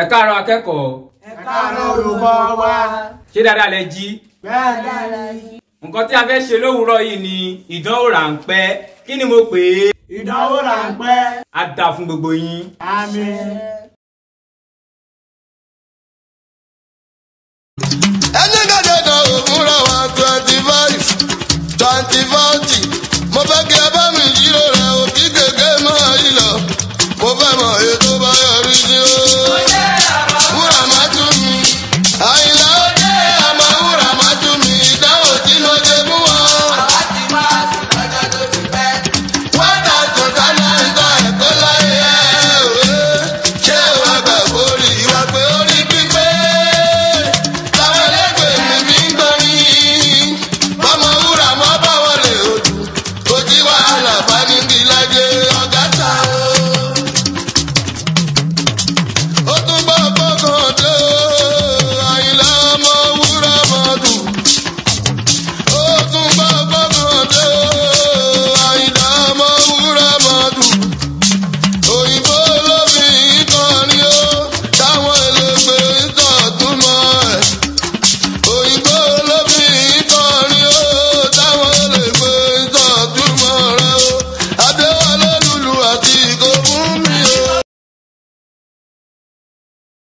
ẹ káàárọ̀ akẹ́kọ̀ọ́. ẹ káàárọ̀ olùkọ́ wa. ṣé dáadáa lẹ jí. bẹ́ẹ̀ dáadáa yìí. nǹkan tí a fẹ́ ṣe lówùúrọ̀ yìí ni ìdánwò ráńpẹ́ kí ni mo pè é. ìdánwò ráńpẹ́. a dà fún gbogbo yín. àmín. wa twenty five twenty forty mo fẹ́ kí ẹ bá mi yíró rẹ̀ òkí gègé mọ́ ìlọ mo fẹ́ mọ̀ èyí tó bá yọ.